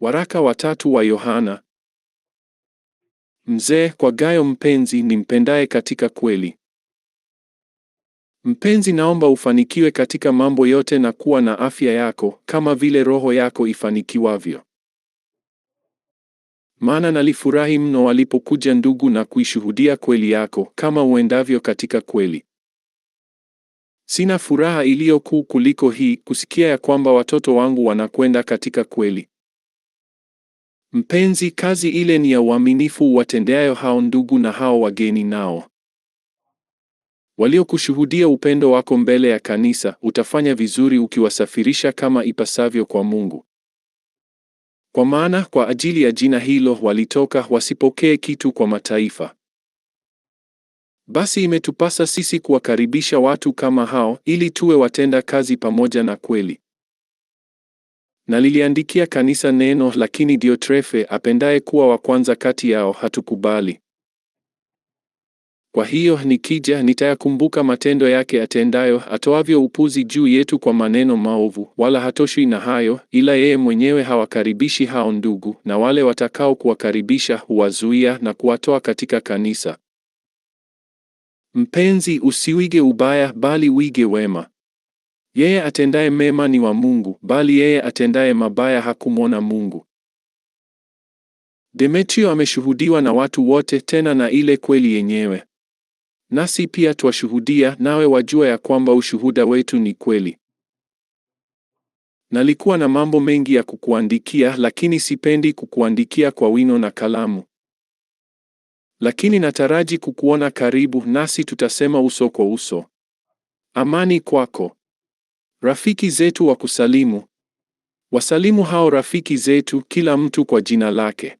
Waraka wa tatu wa Yohana. Mzee kwa Gayo mpenzi nimpendaye katika kweli. Mpenzi, naomba ufanikiwe katika mambo yote na kuwa na afya yako kama vile roho yako ifanikiwavyo. Maana nalifurahi mno walipokuja ndugu na kuishuhudia kweli yako kama uendavyo katika kweli. Sina furaha iliyo kuu kuliko hii, kusikia ya kwamba watoto wangu wanakwenda katika kweli. Mpenzi, kazi ile ni ya uaminifu watendeayo hao ndugu na hao wageni nao waliokushuhudia upendo wako mbele ya kanisa, utafanya vizuri ukiwasafirisha kama ipasavyo kwa Mungu. Kwa maana kwa ajili ya jina hilo walitoka, wasipokee kitu kwa mataifa. Basi imetupasa sisi kuwakaribisha watu kama hao, ili tuwe watenda kazi pamoja na kweli. Naliliandikia kanisa neno, lakini Diotrefe apendaye kuwa wa kwanza kati yao hatukubali. Kwa hiyo nikija, nitayakumbuka matendo yake atendayo, atoavyo upuzi juu yetu kwa maneno maovu, wala hatoshwi na hayo, ila yeye mwenyewe hawakaribishi hao ndugu, na wale watakao kuwakaribisha huwazuia na kuwatoa katika kanisa. Mpenzi, usiwige ubaya, bali wige wema. Yeye atendaye mema ni wa Mungu, bali yeye atendaye mabaya hakumwona Mungu. Demetrio ameshuhudiwa na watu wote, tena na ile kweli yenyewe. Nasi pia twashuhudia, nawe wajua ya kwamba ushuhuda wetu ni kweli. Nalikuwa na mambo mengi ya kukuandikia, lakini sipendi kukuandikia kwa wino na kalamu. Lakini nataraji kukuona karibu, nasi tutasema uso kwa uso. Amani kwako. Rafiki zetu wa kusalimu. Wasalimu hao rafiki zetu, kila mtu kwa jina lake.